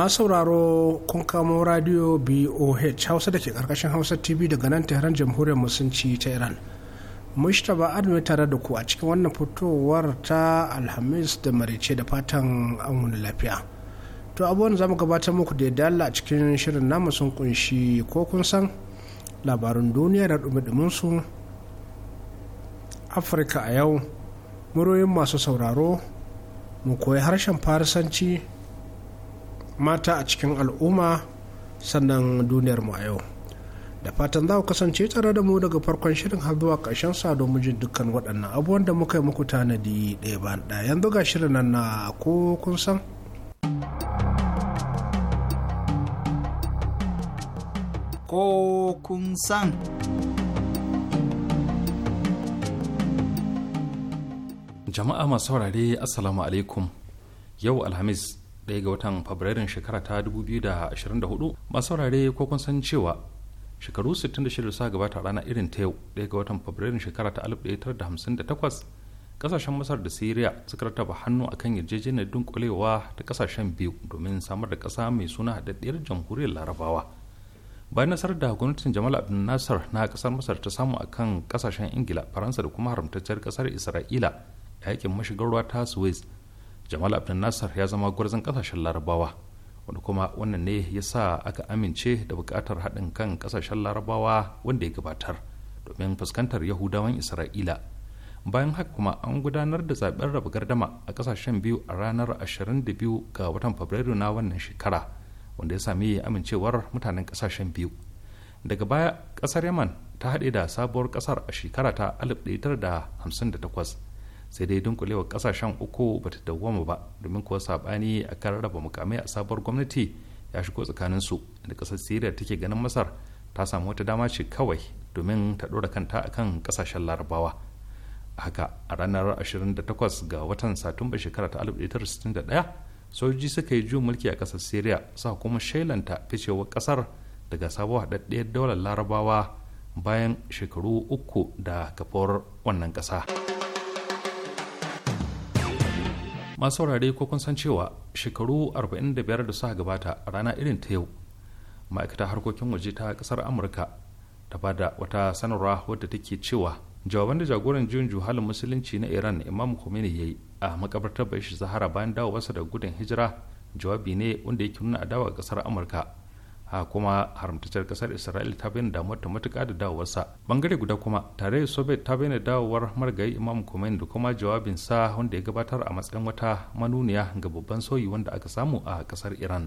masu sauraro kun kamo radio boh hausa da ke karkashin hausa tv daga nan tehran jamhuriyar musulunci ta iran ba admi tare da ku a cikin wannan fitowar ta alhamis da marice da fatan an wani lafiya to abubuwan mu gabatar muku da dala a cikin shirin namu sun kunshi ko kun san labarin duniya da dumi su afirka a yau muroyin masu sauraro mu koyi harshen farisanci mata a cikin al'umma sannan duniyar mu a yau da fatan za ku kasance tare da mu daga farkon shirin har zuwa ƙarshen sa domin jin dukkan waɗannan abubuwan da muka yi muku tanadi ɗaya ba ɗaya yanzu ga shirin nan na ko kun san ko kun san jama'a masu saurare assalamu alaikum yau alhamis daya ga watan fabrairun shekara ta 2024 masu saurare ko kun san cewa shekaru 66 sa gabata rana irin ta yau ɗaya ga watan fabrairun shekara ta 1958 kasashen masar da syria suka rataba hannu a kan yarjejeniyar dunkulewa ta kasashen biyu domin samar da kasa mai suna haɗaɗɗiyar jamhuriyar larabawa bayan nasarar da gwamnatin jamal abdul nasar na kasar masar ta samu a kan kasashen ingila faransa da kuma haramtacciyar kasar isra'ila da yakin mashigar ruwa ta suez jamal abdul ya zama gwarzon kasashen larabawa wanda kuma wannan ne ya sa aka amince da bukatar haɗin kan kasashen larabawa wanda ya gabatar domin fuskantar yahudawan isra'ila bayan haka kuma an gudanar da zaben raba gardama a kasashen biyu a ranar 22 ga watan fabrairu na wannan shekara wanda ya sami amincewar mutanen kasashen biyu daga baya kasar yaman ta haɗe da sabuwar kasar a shekara ta 1958 sai dai dunkulewar kasashen uku bata dawwama ba domin kuwa sabani a kan raba mukamai a sabuwar gwamnati ya shigo tsakanin su da kasar siriya take ganin masar ta samu wata dama ce kawai domin ta dora kanta akan kasashen larabawa haka a ranar 28 ga watan satumba shekara ta 1961 sojoji suka yi juyin mulki a kasar siriya sa kuma shailanta ficewar kasar daga sabuwar haɗaɗɗiyar daular larabawa bayan shekaru uku da kafawar wannan ƙasa. masu saurare ko kun san cewa shekaru 45 da suka gabata a rana irin ta yau ma'aikata harkokin waje ta kasar amurka ta bada wata sanarwa wadda take cewa jawaban da jagoran juyin juhalin musulunci na iran imam khomeini ya yi a makabartar shi zahara bayan dawowarsa da gudun hijira jawabi ne wanda yake nuna adawa kasar amurka a kuma haramtacciyar kasar isra'ila ta bayyana damuwar ta matuƙa da dawowarsa bangare guda kuma tare da soviet ta bayyana dawowar margayi imam khomeini da kuma jawabinsa wanda ya gabatar a matsayin wata manuniya ga babban sauyi wanda aka samu a kasar iran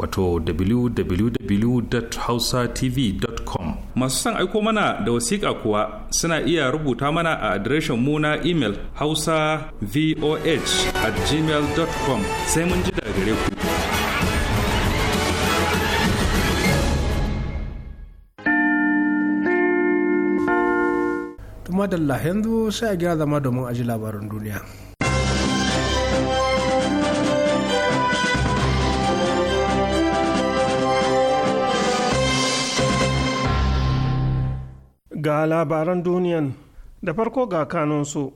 wato www.hausatv.com masu son aiko mana da wasiƙa kuwa suna iya rubuta mana a adireshin mu na imel hausa voh at gmail.com sai mun ji daga gare ku madalla yanzu sai a gyara zama domin aji labaran duniya ga labaran duniyan da farko ga kanunsu.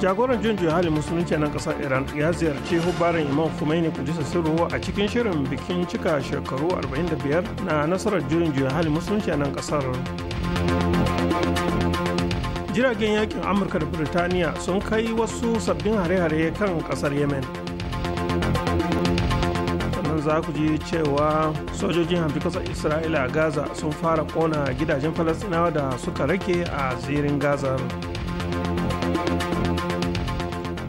jagoran jin halin musulunci na kasar iran ya ziyarci hubbarin imam khomeini kudisa siru a cikin shirin bikin cika shekaru 45 na nasarar juyin hali halin musulunci nan kasar jiragen yakin amurka da birtaniya sun kai wasu sabbin hare-hare kan kasar yemen za ku ji cewa sojojin hanfi kasar isra'ila a gaza sun fara kona gidajen falastinawa da suka rake a zirin gaza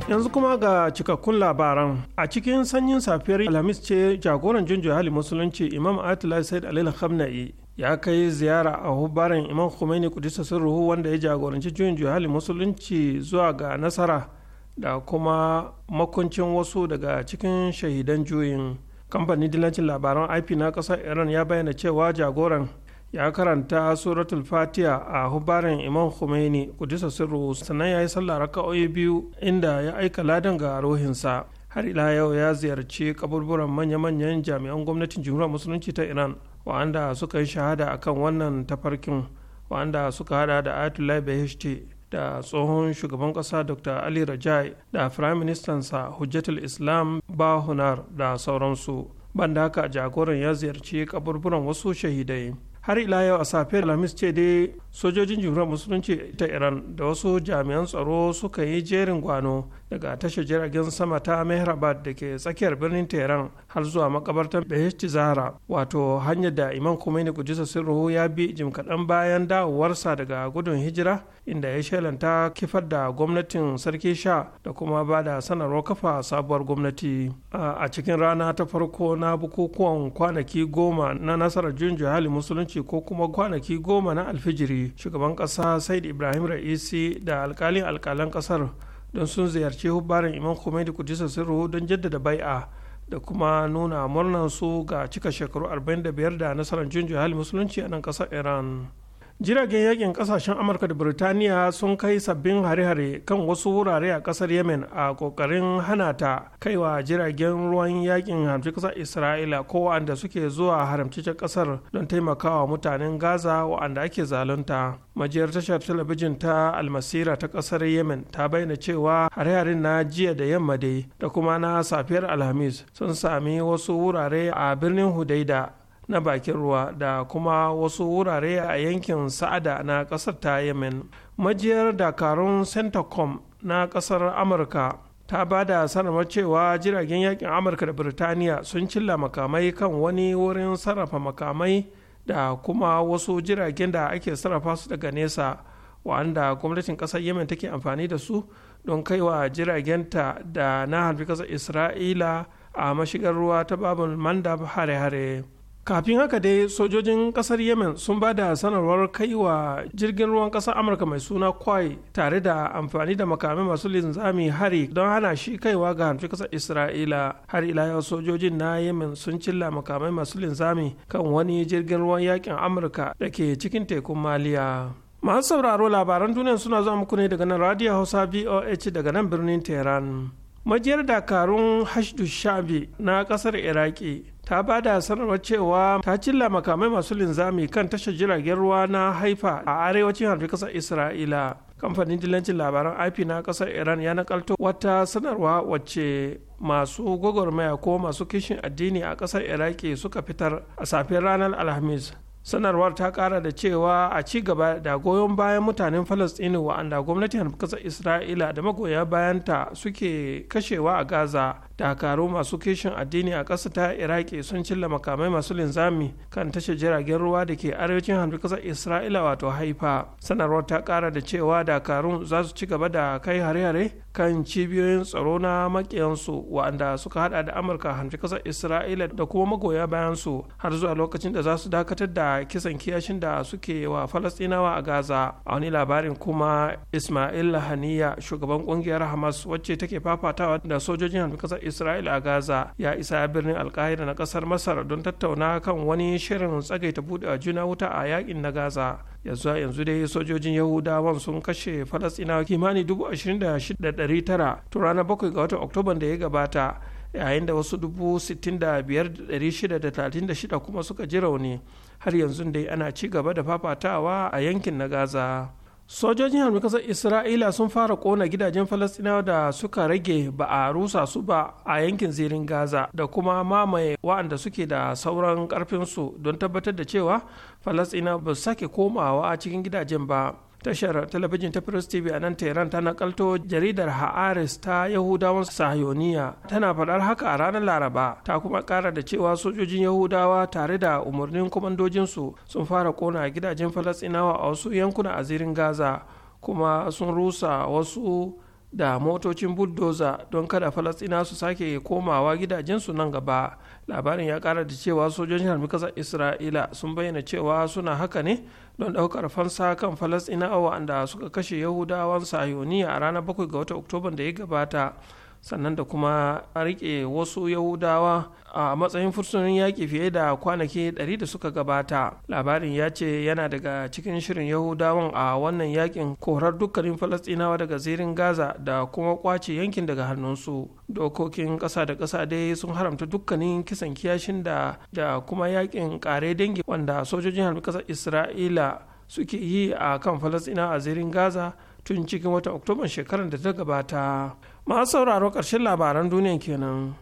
yanzu kuma ga cikakkun labaran a cikin sanyin safiyar alhamis ce jagoran junjo hali musulunci imam atulai said alil khamna'i ya kai ziyara a hubbaran imam khomeini kudisa sun ruhu wanda ya jagoranci junjo hali musulunci zuwa ga nasara da kuma makuncin wasu daga cikin shahidan juyin kamfanin dillacin labaran ip na ƙasar iran ya bayyana cewa jagoran ya karanta suratul fatiha a hubarin imam khomeini kudisa sirru sannan ya yi sallah raka'o'i biyu inda ya aika ladan ga rohinsa har ila yau ya ziyarci kaburburan manya-manyan jami'an gwamnatin jimhuriyar musulunci ta iran wa'anda suka yi shahada akan wannan tafarkin wa'anda suka hada da ayatollah bahishti da tsohon shugaban kasa dr ali rajai da firayim sa hujjatul islam bahunar da sauransu banda haka jagoran ya ziyarci kaburburan wasu shahidai har ila yau a safiyar lamis ce dai sojojin jimhuriyar musulunci ta iran da wasu jami'an tsaro suka yi jerin gwano daga tashar jiragen sama ta mehrabad da ke tsakiyar birnin tehran har zuwa makabartar behesti zahara wato hanyar da imam khomeini kudisa sirruhu ya bi jim kaɗan bayan dawowarsa daga gudun hijira inda ya shelanta kifar da gwamnatin sarki sha da kuma ba da sanarwar kafa sabuwar gwamnati a cikin rana ta farko na bukukuwan kwanaki goma na nasarar junjo hali musulunci ko kuma kwanaki goma na alfijiri biyu shugaban ƙasa said ibrahim ra'isi da alkalin alkalan kasar don sun ziyarci hubbarin imam khomeini kudisa sirru don jaddada bai'a da kuma nuna murnar su ga cika shekaru 45 da nasarar jinjin hali musulunci a nan kasar iran jiragen yakin kasashen amurka da birtaniya sun kai sabbin hare-hare kan wasu wurare a kasar yemen a kokarin hana ta kaiwa jiragen ruwan yakin haramci kasar isra'ila ko wanda suke zuwa haramcicin kasar don taimakawa mutanen gaza wa'anda ake zalunta majiyar tashar talabijin ta almasira ta kasar yemen ta bayyana cewa hare-haren na jiya da yamma dai da kuma na safiyar alhamis sun sami wasu wurare a birnin hudaida na bakin ruwa da kuma wasu wurare a yankin sa'ada na ƙasar ta yemen majiyar dakarun centacom na ƙasar amurka ta ba da sanarwar cewa jiragen yakin amurka da birtaniya sun cilla makamai kan wani wurin sarrafa makamai da kuma wasu jiragen da ake sarrafa su daga nesa wa'anda gwamnatin ƙasar yemen take amfani da su don kaiwa jiragenta da na harfi ƙasar isra'ila a mashigar ruwa ta babu mandab hare-hare kafin haka dai sojojin kasar yemen sun ba da sanarwar kai wa jirgin ruwan kasar amurka mai suna kwai tare da amfani da makamai masu linzami hari don hana shi kaiwa ga hanfi kasar isra'ila har ila yau sojojin na yemen sun cilla makamai masu linzami kan wani jirgin ruwan yakin amurka da ke cikin tekun maliya masu sauraro labaran duniya suna zuwa muku ne daga nan radio hausa voh daga nan birnin tehran majiyar dakarun hashdu shabi na kasar iraki ta ba da sanarwar cewa ta cilla makamai masu linzami kan tashar jiragen ruwa na haifa a arewacin harfi kasar isra'ila kamfanin dillancin labaran ip na kasar iran ya nakalto wata sanarwa wacce masu gwagwarmaya ko masu kishin addini a kasar iraki suka fitar a safiyar ranar alhamis sanarwar ta kara da cewa a ci gaba da goyon bayan mutanen falastini wa'anda gwamnatin ƙasar isra'ila da magoya bayanta suke kashewa a gaza dakaru masu kishin addini a ƙasa ta iraki sun cilla makamai masu linzami kan tashar jiragen ruwa da ke arewacin hamdu ƙasar isra'ila wato haifa sanarwar ta kara da cewa dakarun za su ci gaba da kai hare-hare kan cibiyoyin tsaro na makiyansu wa'anda suka hada da amurka hamdu ƙasar isra'ila da kuma magoya bayansu har zuwa lokacin da za su dakatar da kisan kiyashin da suke wa falastinawa a gaza a wani labarin kuma ismail haniya shugaban kungiyar hamas wacce take fafatawa da sojojin hamdu ƙasar isra'ila a gaza ya isa birnin alkahira na kasar masar don tattauna kan wani shirin tsagaita a juna wuta a yakin na gaza yanzu yanzu dai sojojin yahudawan sun kashe falastinawa kimanin dubu ashirin da shida ɗari tara to ranar bakwai ga watan oktoban da ya gabata yayin da wasu dubu sittin da biyar ɗari shida da talatin da shida kuma suka ji rauni har yanzu dai ana ci gaba da fafatawa a yankin na gaza sojojin harbin kasar isra'ila sun fara kona gidajen falastinawa da suka rage ba a rusa su ba a yankin zirin gaza da kuma mamaye wa'anda suke da sauran karfinsu don tabbatar da cewa falastinawa ba su sake komawa a cikin gidajen ba tashar talabijin ta press tv a nan tehran ta nakalto jaridar ha'aris ta yahudawan Sahyoniya tana faɗar haka a ranar laraba ta kuma ƙara da cewa sojojin yahudawa tare da umarnin kwamandojinsu sun fara kona gidajen falasɗinawa a wasu yankuna a zirin gaza kuma sun rusa wasu da motocin bulldozer don kada falastina su sake komawa gidajensu nan gaba labarin ya kara da cewa sojojin kasar isra'ila sun bayyana cewa suna haka ne don daukar fansa kan falastina wanda suka kashe yahudawan sayoniya a ranar 7 ga watan oktoba da ya gabata sannan da kuma a riƙe wasu yahudawa a matsayin fursunin yaƙi fiye da kwanaki 100 da suka gabata labarin ya ce yana daga cikin shirin yahudawan a wannan yakin korar dukkanin falastinawa daga zirin gaza da kuma kwace yankin daga hannunsu dokokin ƙasa da ƙasa dai sun haramta dukkanin kisan kiyashin da da kuma yaƙin ƙare dangi wanda sojojin harbin ƙasar isra'ila suke yi a kan falastinawa a zirin gaza tun cikin wata oktoban shekarar da ta gabata masu sauraro ƙarshen labaran duniya kenan.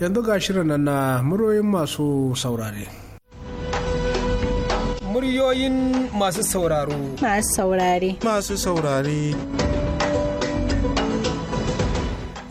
yanzu ga shirin nan na muryoyin masu saurare. Muryoyin masu sauraro. Masu saurare. Masu saurare.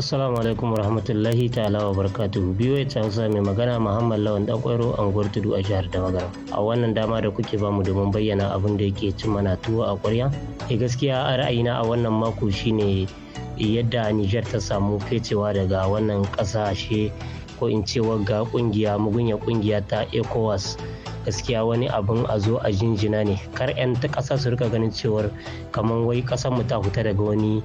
Assalamu alaikum warahmatullahi ta'ala wa barakatuhu. Biyo ya hausa mai magana Muhammad Lawan dan Kwairo anguwar Tudu a jihar Damagara. A wannan dama da kuke ba mu domin bayyana abin da yake cin mana tuwo a kwarya E eh, gaskiya a ra'ayina a wannan mako shine yadda Nijar ta samu fecewa daga wannan kasashe ko in ce ga kungiya mugunya kungiya ta ECOWAS gaskiya wani abin a zo a jinjina ne kar 'yan ta kasa su rika ganin cewar kamar wai ƙasar mu ta huta daga wani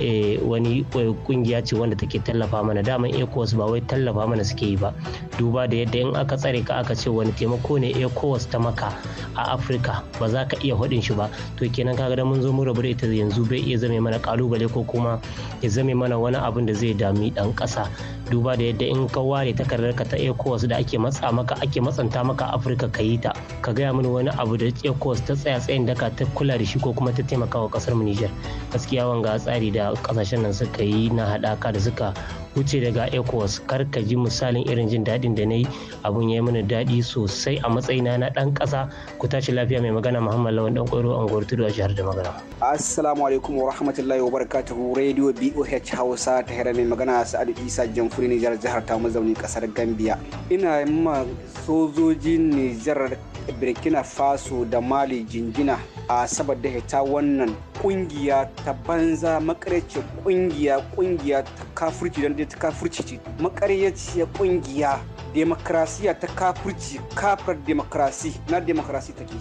Eh, wani kungiya ce wanda take tallafa mana daman ecowas ba wai tallafa mana suke yi ba duba da yadda in aka tsare ka aka ce wani taimako ne ecowas ta maka a afirka ba za ka iya hudin shi ba to kenan kaga da mun zo mu rabu ita yanzu bai iya zame mana kalubale ko kuma ya zame mana wani abin da zai dami dan kasa duba da yadda in ka ware takardar ka ta ecowas da ake matsa maka ake matsanta maka afirka ka yi ta ka gaya mini wani abu da ecos ta tsaya tsayin daka ta kula da shi ko kuma ta taimaka wa kasar mu niger gaskiya wanga tsari da kasashen nan suka yi na haɗaka da suka wuce daga Ecos, kar ka ji misalin irin jin daɗin da na yi abun ya yi mana daɗi sosai a matsayina na ɗan ƙasa ku tashi lafiya mai magana muhammad lawan ɗan ƙwaro anguwar tudu a jihar da magana. assalamu alaikum wa rahmatullahi wa barakatuhu radio boh hausa ta hira mai magana sa'adu isa jamfuri nijar jihar ta mazauni ƙasar gambia ina ma sojojin nijar burkina faso da mali Jinjina a da ta wannan kungiya ta banza makarci kungiya kungiya ta kafurci don ta kafurci ce makaryaciya kungiya demokrasiya ta kafurci kafar demokrasi na demokrasi take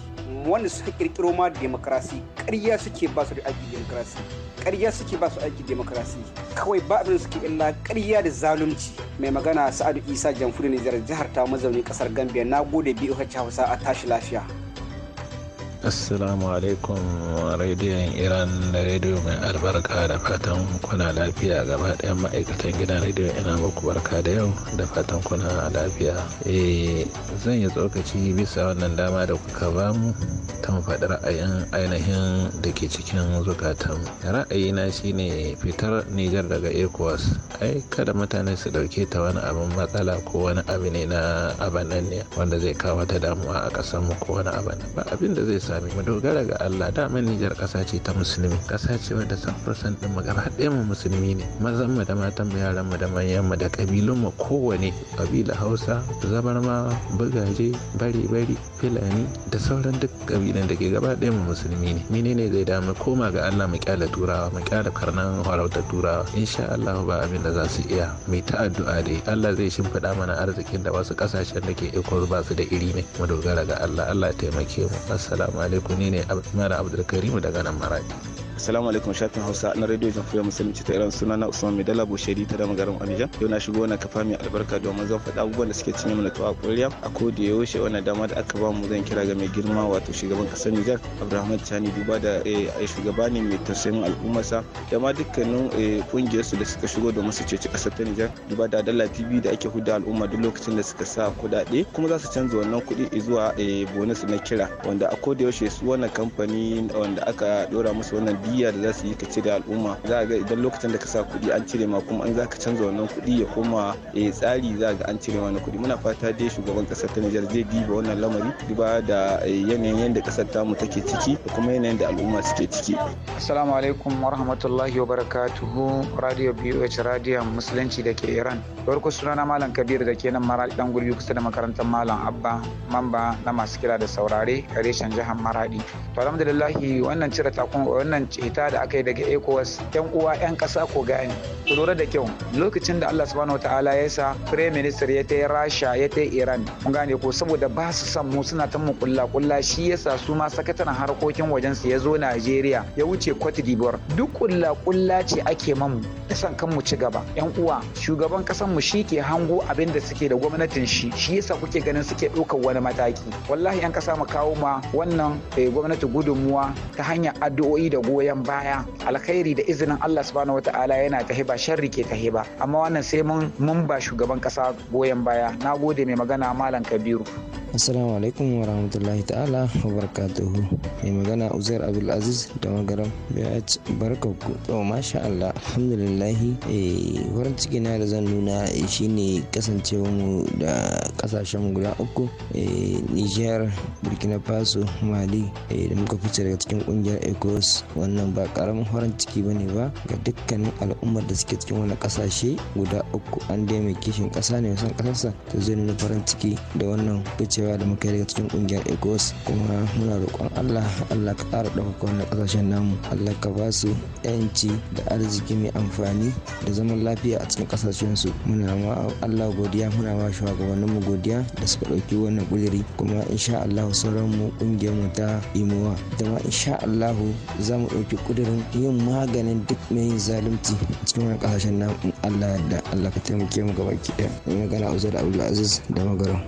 wanda suka kirkiro ma demokrasi karya suke ba su da aiki demokrasi karya suke ba su aiki demokrasi kawai ba abin suke illa karya da zalunci mai magana sa'adu isa jamfuri nijar jihar ta mazaunin kasar gambia na gode biyu hausa a tashi lafiya assalamu alaikum rediyon iran da rediyo mai albarka da fatan kuna lafiya gaba ɗaya ma'aikatan gidan rediyon ina muku barka da yau da fatan kuna lafiya eh zan yi tsokaci bisa wannan dama da kuka bamu kan faɗi ra'ayin ainihin da ke cikin zukatan ra'ayina shine fitar nijar daga ecowas ai kada mutane su ɗauke ta wani abin matsala ko wani abu ne na abananniya wanda zai kawo ta damuwa a ƙasar mu ko wani abu ba abin da zai sami mu dogara ga Allah dama nijar ƙasa ce ta musulmi ƙasa ce wadda san fursan ɗin mu gaba ɗaya mu musulmi ne mazan mu da matan mu yaran mu da manyan mu da ƙabilun mu kowane ƙabila Hausa zabarma bugaje bari bari filani da sauran duk ƙabilun nan da ke gaba ɗaya mu musulmi ne ne zai da koma ga Allah mu kyala turawa mu kyala karnan harautar turawa insha Allah ba abin da za su iya mai ta addu'a dai Allah zai shimfiɗa mana arzikin da wasu kasashen da ke iko ba su da iri ne mu dogara ga Allah Allah taimake mu assalamu alaikum ne ne Mara Abdulkarim daga nan Maradi Assalamu alaikum shafin Hausa na Radio Jamhuriyar Musulunci ta Iran suna na Usman dala Bushari ta dama garin Abidjan. Yau na shigo na kafa mai albarka domin zan faɗa abubuwan da suke cinye mana tuwa kuriya. A ko da yaushe wannan dama da aka ba mu zan kira ga mai girma wato shugaban kasar Nijar abraham Chani duba da eh, shugaba ne mai tausayin sa da ma dukkanin kungiyar eh, su da suka shigo domin su ceci kasar ta Nijar duba da dala TV da ake huda al'umma duk lokacin da suka sa kuɗaɗe kuma za su canza wannan kuɗi zuwa eh, bonus na kira wanda a ko da yaushe su wannan kamfani wanda aka dora musu wannan biya da za su yi ka cire al'umma za ga idan lokacin da ka sa kuɗi an cire ma kuma an za ka canza wannan kuɗi ya koma eh, tsari za ga an cire wannan kuɗi muna fata dai shugaban ƙasar ta Nijar zai diba wannan lamari duba da eh, yanayin yadda ƙasar mu take ciki da kuma yanayin da al'umma suke ciki. Assalamu alaikum warahmatullahi wabarakatuh Radio BOH Radio Musulunci da ke Iran. Farko sunana Malam Kabir da ke nan Maradi dan gurbi kusa da makarantar Malam Abba mamba na masu kira da saurare a reshen jihar Maradi. To alhamdulillah wannan cire takun wannan ceta da aka yi daga ECOWAS yan uwa yan kasa ko gani ku lura da kyau lokacin da Allah subhanahu ta'ala ya sa prime minister ya tai Rasha ya ta yi Iran mun gane ko saboda ba su san mu suna ta mu kulla kulla shi sa su ma sakataren harkokin wajen su ya zo Najeriya ya wuce Cote d'Ivoire duk kulla kulla ce ake mamu mu, san kan mu ci gaba yan uwa shugaban kasan mu shi ke hango abin da suke da gwamnatin shi shi ya sa kuke ganin suke ɗaukar wani mataki wallahi yan kasa mu kawo ma wannan eh, gwamnati gudunmuwa ta hanyar addu'o'i da goyon goyon baya alkhairi da izinin Allah subhanahu wataala yana ta ba sharri ke ta ba amma wannan sai mun mun ba shugaban kasa goyon baya na gode mai magana malam kabiru assalamu alaikum wa rahmatullahi ta'ala wa barakatuhu mai magana uzair abdulaziz da magaram bh barkanku to masha Allah alhamdulillah eh wurin ciki na da zan nuna eh, shine kasancewa mu da kasashen guda uku eh Niger Burkina Faso Mali eh da muka fice daga cikin kungiyar ECOWAS wannan wannan ba karamin farin ciki bane ba ga dukkanin al'ummar da suke cikin wani kasashe guda uku an da mai kishin kasa ne son kasarsa to zai nuna farin ciki da wannan ficewa da muka yi daga cikin kungiyar ecos kuma muna roƙon allah allah ka ƙara ɗaukaka wannan kasashen namu allah ka ba su yanci da arziki mai amfani da zaman lafiya a cikin kasashensu muna ma allah godiya muna ma shugabannin mu godiya da suka ɗauki wannan ƙudiri kuma insha allahu sauran mu kungiyar mu ta imowa da ma insha allahu za mu ɗauki ɗauki yin maganin duk mai zalunci cikin wani ƙasashen na Allah da Allah ka taimake mu gaba ki ɗaya. Magana Uzair Abdulaziz da Magaram.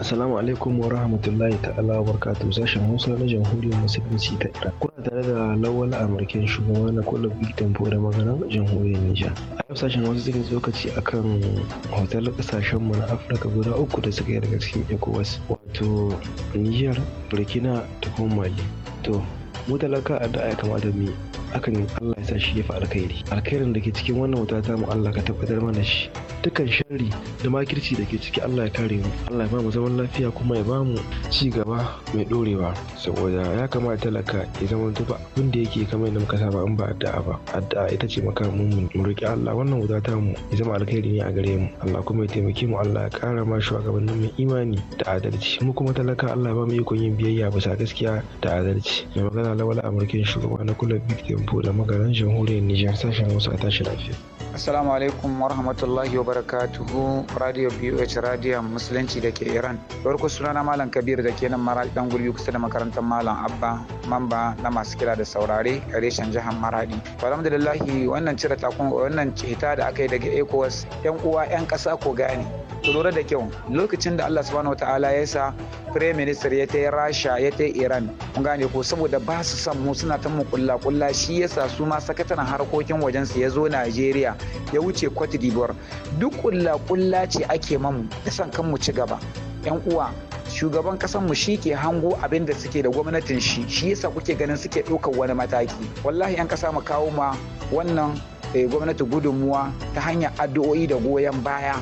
Assalamu alaikum wa rahmatullahi ta'ala wa barakatuh sashen Hausa na Jamhuriyar Musulunci ta Iran. Kuna tare da Lawal Amurken shugaba na kula Big Tempo da maganar Jamhuriyar Nijar. A yau sashen Hausa zai a akan hotel kasashen mu na Afirka guda uku da suka yi daga cikin ECOWAS wato Nijar, Burkina da kuma Mali. To, mu a da ya kamata mu yi akan Allah ya sa shi ya fi alkhairi alkhairin da ke cikin wannan wuta ta mu Allah ka tabbatar mana shi dukkan sharri da makirci da ke ciki Allah ya kare mu Allah ya ba mu zaman lafiya kuma ya ba mu ci gaba mai dorewa saboda ya kamata talaka ya zama tuba abin da yake kamar yadda muka saba in ba addu'a ba addu'a ita ce maka mu mu roki Allah wannan wuta ta mu ya zama alkhairi ne a gare mu Allah kuma ya taimake mu Allah ya kara ma shugabannin mu imani da adalci mu kuma talaka Allah ya ba mu ikon yin biyayya bisa gaskiya da adalci mai magana lawala amurkin shugaba na kula big da magaran jamhuriyar Nijar sashen Hausa a tashi lafiya. Assalamu alaikum wa rahmatullahi wa barakatuhu Radio BOH Radio Musulunci da ke Iran. Farko sunana Malam Kabir da ke nan Maradi dan gurbi kusa da makarantar Malam Abba mamba na masu kira da saurare a reshen jihar Maradi. Alhamdulillah wannan cire takun wannan cita da aka yi daga ECOWAS yan uwa yan ƙasa ko gane. Ku da kyau lokacin da Allah subhanahu wataala ya sa Prime Minister ya ta Rasha ya ta Iran. Mun gane ko saboda ba su san mu suna ta mu kulla kulla shi shi yasa su ma sakataren harkokin wajen su ya zo Najeriya ya wuce Cote d'Ivoire duk kulla kulla ce ake mamu isan kan mu ci gaba yan uwa shugaban kasan mu shi ke hango abin da suke da gwamnatin shi shi yasa kuke ganin suke ɗaukar wani mataki wallahi yan kasa mu kawo ma wannan eh, gwamnati gudunmuwa ta hanyar addu'o'i da goyon baya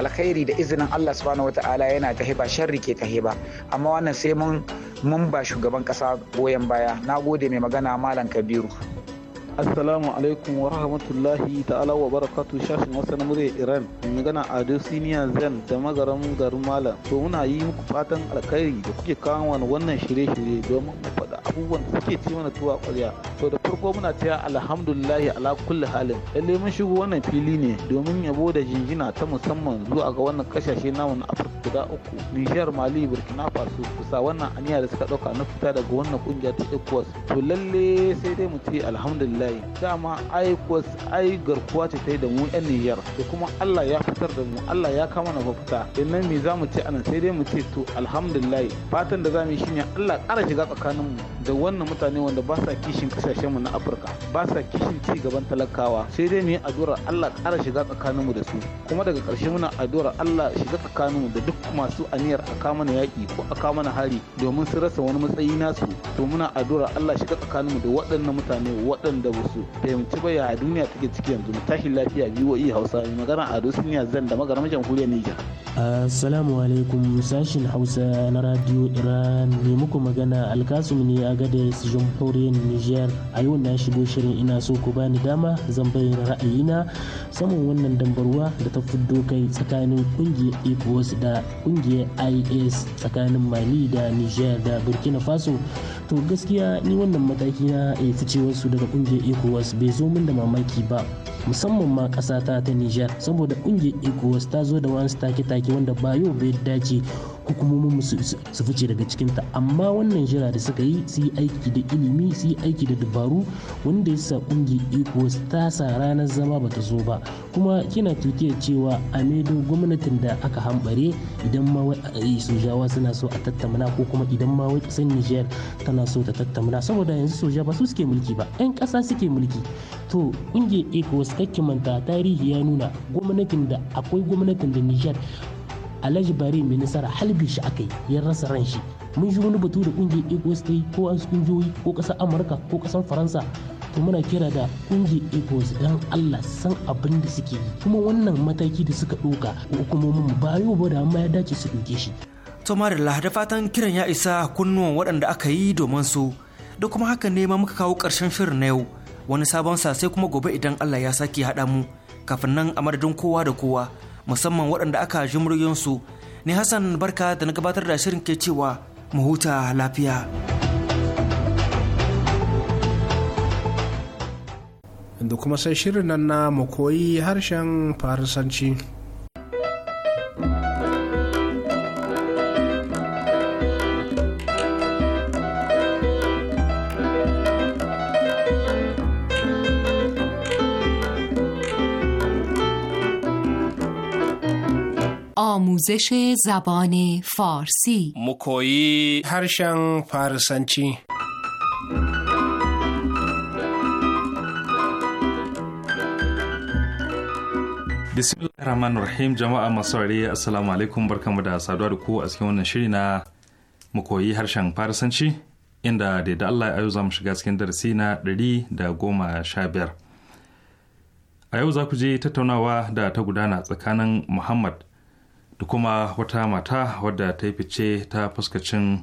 alkhairi da izinin Allah subhanahu wata'ala yana ta ba sharri ke ta ba amma wannan sai mun mun ba shugaban kasa goyon baya na gode mai magana malam kabiru assalamu alaikum wa rahmatullahi ta'ala wa barakatu shashin wasu na murya iran magana a dosiniya zen da magaran garin malam to muna yi muku fatan alkhairi da kuke kawo wannan shirye-shirye domin abubuwan da suke ci mana tuwa ƙwarya to da farko muna taya alhamdulillah ala kulli halin lalle mun shigo wannan fili ne domin yabo da jinjina ta musamman zuwa ga wannan kasashe namu na afirka guda uku nijar mali burkina faso kusa wannan aniya da suka ɗauka na fita daga wannan kungiya ta ecowas to lalle sai dai mu ce alhamdulillah dama ecowas ai garkuwa ce ta yi da mu yan nijar da kuma allah ya fitar da mu allah ya kama na fita idan me za mu ce anan sai dai mu ce to alhamdulillah fatan da za mu yi shine allah kara shiga tsakaninmu da wannan mutane wanda ba sa kishin kasashenmu na afirka ba sa kishin ci gaban talakawa sai dai mu yi addu'ar allah ƙara shiga tsakaninmu da su kuma daga ƙarshe muna addu'ar allah shiga tsakaninmu da duk masu aniyar a kama na yaƙi ko a kama na hari domin su rasa wani matsayi nasu to muna addu'ar allah shiga tsakaninmu da waɗannan mutane waɗanda ba su fahimci ba ya duniya take ciki yanzu mu tashi lafiya biyu e hausa mai magana ado siniya zan da magana jamhuriyar nijar. assalamu alaikum sashin hausa na radio iran ne muku magana alkasum ne da jamhuriyar niger a yau na shigo shirin ina so ku bani dama zan bayyana ra'ayina saman wannan dambarwa da ta fuddo kai tsakanin kungiyar ecowas da kungiyar is tsakanin mali da niger da burkina faso to gaskiya ni wannan mataki na e, su daga kungiyar ecowas bai zo min da mamaki ba musamman ma kasa ta ta niger saboda kungiyar ecowas ta zo da wani take-take wanda ba yau bai dace hukumomin su su fice daga cikinta amma wannan jira da suka yi su yi aiki da ilimi su yi aiki da dabaru wanda ya sa kungiyar ecowas ta sa ranar zama ba ta zo ba kuma kina tutiyar cewa a maido gwamnatin da aka hambare idan ma wai sojawa suna so a tattamna ko kuma idan ma wai san nijar tana so ta tattamna saboda yanzu soja ba su suke mulki ba 'yan ƙasa suke mulki to kungiyar ecowas kakkimanta tarihi ya nuna gwamnatin da akwai gwamnatin da nijar alhaji bari mai nasara halbe shi aka yi ya rasa ran shi mun shi wani batu da kungiyar ecos ta yi ko wasu kungiyoyi ko kasar amurka ko kasar faransa to muna kira da kungiyar ecos dan allah san abin da suke yi kuma wannan mataki da suka ɗauka hukumomin ba yau ba da amma ya dace su ɗauke shi. to marilla da fatan kiran ya isa kunnuwan waɗanda aka yi domin su da kuma haka ne ma muka kawo ƙarshen shirin na yau wani sabon sa sai kuma gobe idan allah ya sake haɗa mu kafin nan a madadin kowa da kowa musamman waɗanda aka ji muryansu ne Hassan barka da na gabatar da shirin ke cewa mu huta lafiya. da kuma sai shirin nan na mu koyi harshen farisanci. آموزش زبان فارسی مکویی هرشن فارسنچی bismillah rahman rahim jama'a masu ware assalamu alaikum barkamu da saduwa da ku a cikin wannan shiri na mu koyi harshen farisanci inda da da Allah yau za mu shiga cikin darasi na ɗari da goma sha biyar a yau za ku je tattaunawa da ta gudana tsakanin muhammad da kuma wata mata wadda ta yi fice ta fuskacin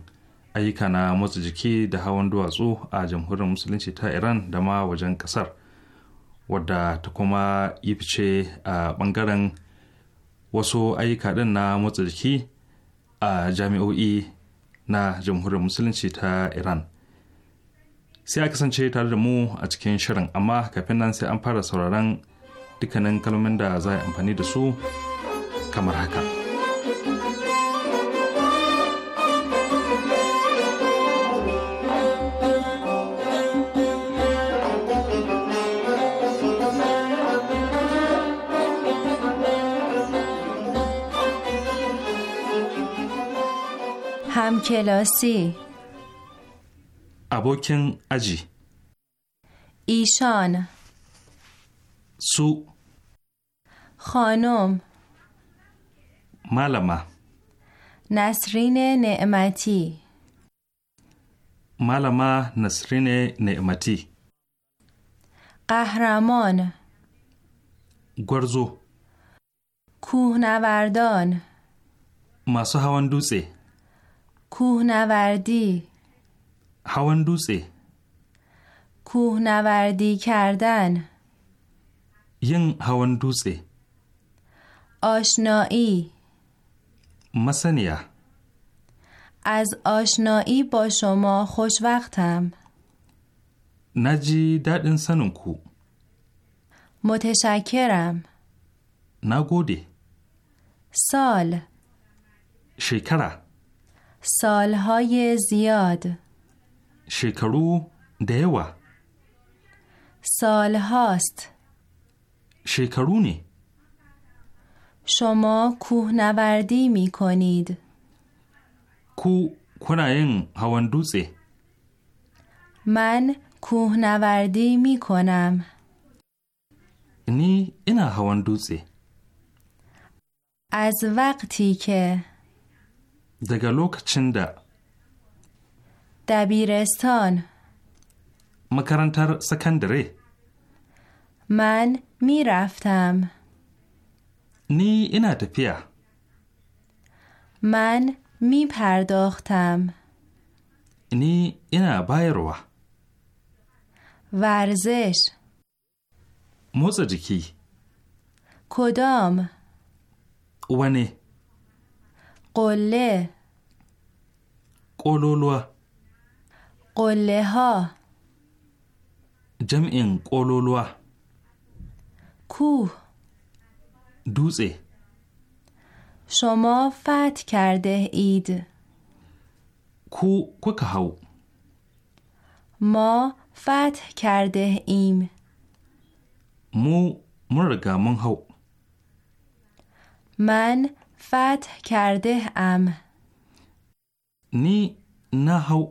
ayyuka na motsa jiki da hawan duwatsu a jamhuriyar musulunci ta iran da ma wajen kasar wadda ta kuma yi fice a bangaren wasu ayyuka din na motsa jiki a jami'o'i na jamhuriyar musulunci ta iran sai a kasance tare da mu a cikin shirin amma kafin nan sai an fara sauraron dukkanin kalmomin da za a amfani da su kamar haka. کلاسی ابوکن اجی ایشان سو خانم مالما نسرین نعمتی مالما نسرین نعمتی قهرمان گرزو کوهنوردان ماسو hawan کوهنوردی هاون دوسه کوهنوردی کردن ین هاون آشنایی مسنیا از آشنایی با شما خوشوقتم نجی در انسانون کو متشکرم نگودی سال شکره سالهای زیاد شکرو دیوه سال هاست شکرونه شما نوردی می کنید کو کناین این من من نوردی می کنم نی اینا هواندوزه از وقتی که daga lokacin da dabirestan makarantar sakandare man miraftam ni ina tafiya man mi pardoxtam ni ina bayarwa varzish motsa jiki Kodom. wane قله قلولوه قله ها جمع قلولوه کوه دوزه شما فت کرده اید کو هاو؟ ما فتح کرده ایم مو مرگا من هو من فتح کرده ام نی نهو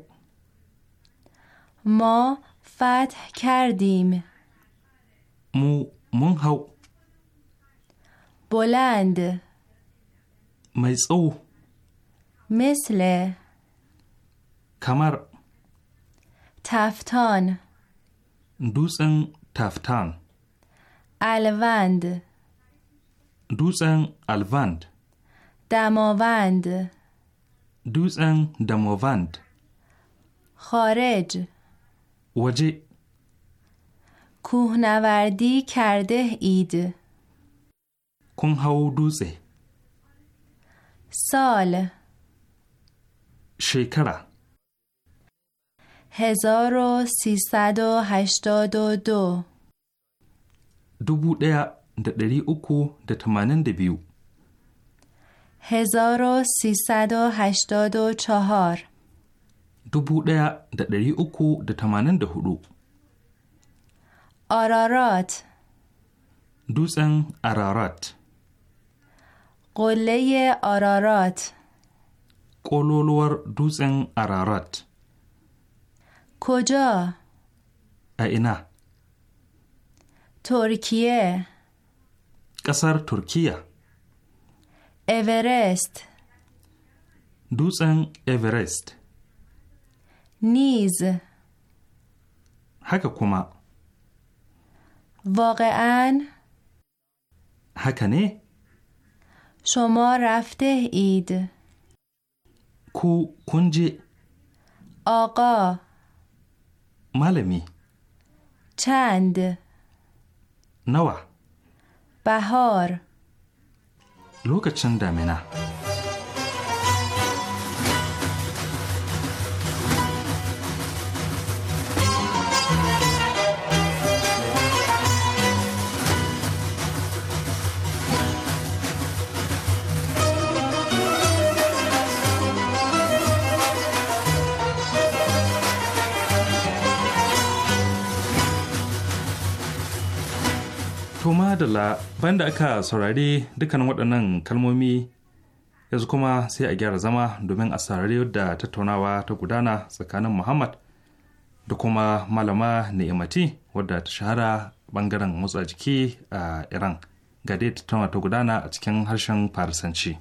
ما فتح کردیم مو منهو بلند میزو مثل کمر تفتان دوسن تفتان الوند دوسن الوند دماوند دوزن دماوند خارج وجه کوهنوردی کرده اید کنهاو دوزه سال شکره هزار و سیصد و هشتاد و دو دو دری da ɗari uku بیو 1384 dubu ɗaya da ɗari آرارات دوزن ارارات قله آرارات قلولور دوزن ارارات کجا؟ اینا ترکیه قصر ترکیه اورست دوزن اورست نیز هکه کما واقعا هکنه شما رفته اید کو کنجی آقا ملمی چند نوه بهار lokacin damina. Tuma da la bayan da aka saurari dukkanin waɗannan kalmomi yanzu kuma sai a gyara zama domin a saurari yadda tattaunawa ta gudana tsakanin Muhammad da kuma malama Ni'imati wadda ta shahara bangaren motsa jiki a Iran ga dai tattaunawa ta gudana a cikin harshen Farisanci.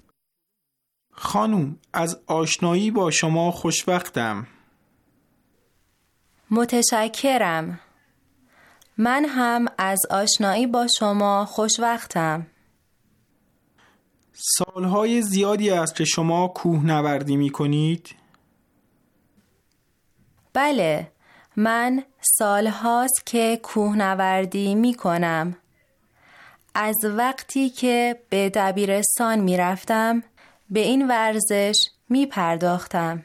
خانوم az آشنایی با شما خوشوقتم متشکرم من هم از آشنایی با شما خوشوقتم. سالهای زیادی است که شما کوهنوردی می کنید؟ بله، من سالهاست که کوهنوردی می کنم. از وقتی که به دبیرستان می رفتم به این ورزش می پرداختم.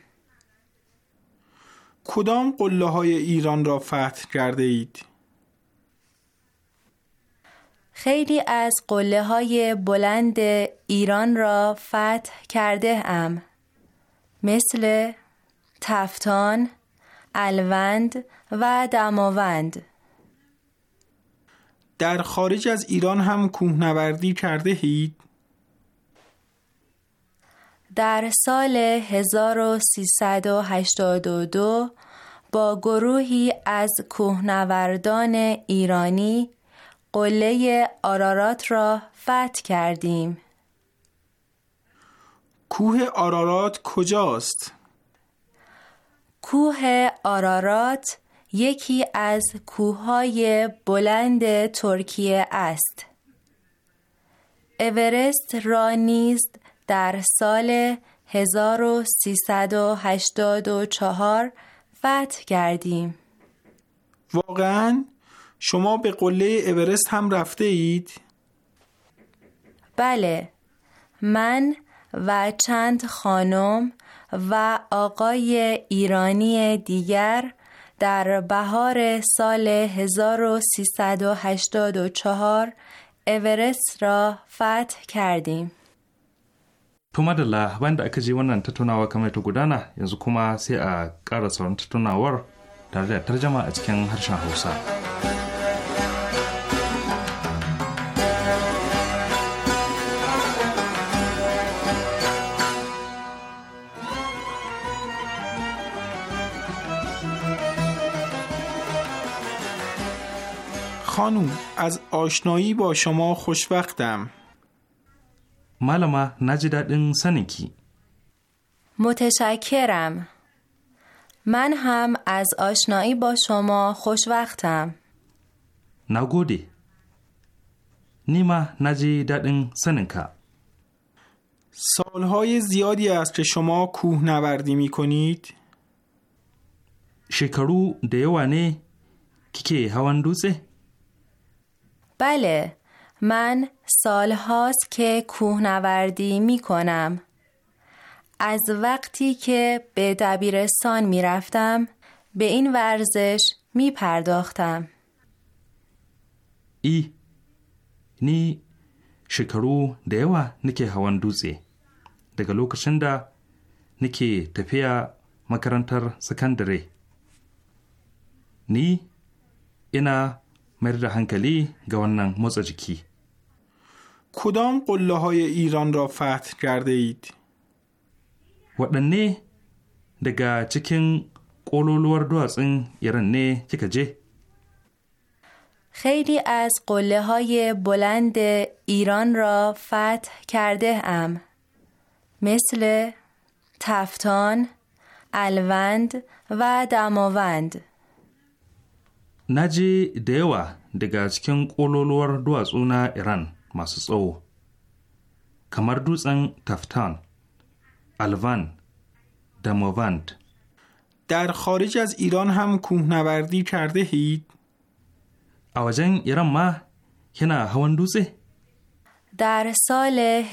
کدام قله های ایران را فتح کرده اید؟ خیلی از قله های بلند ایران را فتح کرده ام مثل تفتان، الوند و دماوند در خارج از ایران هم کوهنوردی کرده هید؟ در سال 1382 با گروهی از کوهنوردان ایرانی قله آرارات را فتح کردیم کوه آرارات کجاست؟ کوه آرارات یکی از کوههای بلند ترکیه است. اورست را نیز در سال 1384 فتح کردیم. واقعاً؟ شما به قله اورست هم رفته اید؟ بله من و چند خانم و آقای ایرانی دیگر در بهار سال 1384 اورست را فتح کردیم. تو madalla bayan da aka je wannan tattaunawa kamar ta gudana yanzu kuma sai a ƙara sauran tattaunawar tare da tarjama a cikin harshen Hausa. خانوم از آشنایی با شما خوشوقتم نجی نجد این سنکی متشکرم من هم از آشنایی با شما خوشوقتم نگودی نیما نجی دادن سننکا سالهای زیادی است که شما کوه نوردی می کنید؟ شکرو دیوانه کی که هوان بله من سال هاست که کوهنوردی می کنم. از وقتی که به دبیرستان می رفتم به این ورزش می پرداختم. ای نی شکرو دیوه نکه هوان دوزی دگه لوکشن دا نکه تپیا مکرانتر سکندری. نی اینا مرد را هنگلی گوانن کدام قله های ایران را فتح کرده اید؟ ودنه دگا چکن قولو لور دواز این نه جه خیلی از قله های بلند ایران را فتح کرده ام مثل تفتان، الوند و دماوند نهجی د یوه دگا چیکن دو دوواسو ن ایران ماسو او کمر دوسین تفتان الون دموند در خارج از ایران هم کوهنوردی کردههید ا وجهن ایران ما هین هوان دوسه در سال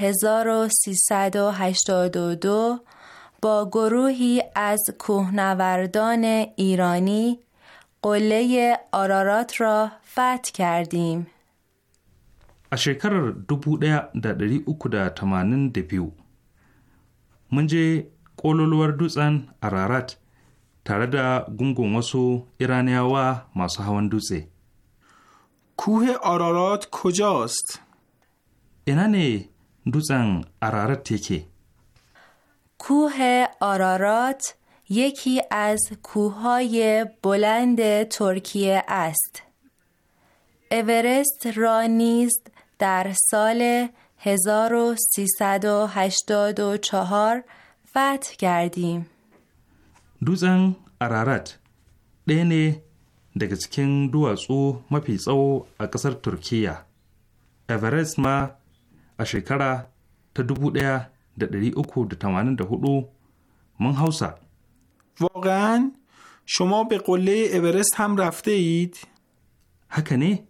شد با گروهی از کوهنوردان ایرانی قله آرارات را فتح کردیم. A shekarar dubu ɗaya da ɗari uku da tamanin da biyu, mun je ƙololwar dutsen ararat tare da gungun wasu Iraniyawa masu hawan dutse. Kuhe a Rarat kujost? Ina ne dutsen ararat Rarat teke? Kuhe a یکی از کوههای بلند ترکیه است. اورست را نیز در سال 1384 فتح کردیم. روزن ارارت دو از daga cikin duwatsu mafi tsawo a ƙasar Turkiyya. Everest ma a shekara ta 1384 mun hausa واقعا شما به قله اورست هم رفته اید؟ هکنه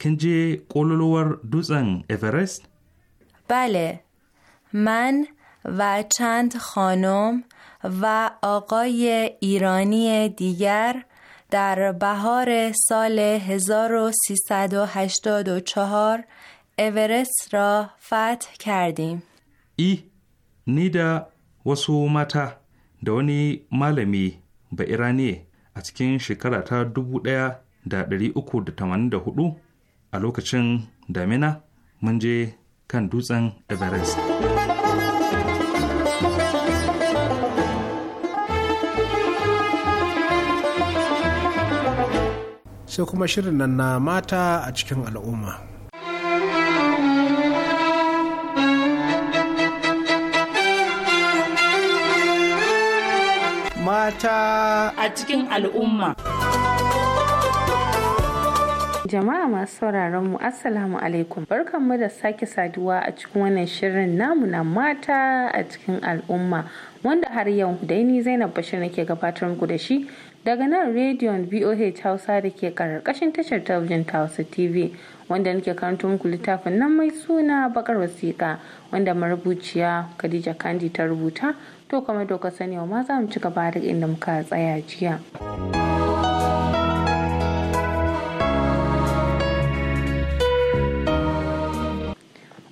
کنجه قلولور دوزن اورست؟ بله من و چند خانم و آقای ایرانی دیگر در بهار سال 1384 اورست را فتح کردیم. ای نیدا وسومتا da wani malami ba iraniye a cikin shekara ta 1384 a lokacin damina mun je kan dutsen everest sai kuma shirin nan na mata a cikin al'umma mata a cikin al'umma. Jama'a masu sauraron mu Assalamu alaikum. Barkanmu da sake saduwa a cikin wannan shirin namu na mata a cikin al'umma wanda har yau da ni Zainab Bashir nake gabatar muku da shi daga nan rediyon boh Hausa da ke karkashin tashar talabijin ta Hausa TV wanda nake karanto muku littafin nan mai suna bakar wasiƙa wanda marubuciya Khadija Kandi ta rubuta to kamar doka sani ma za mu ci gaba da inda muka tsaya jiya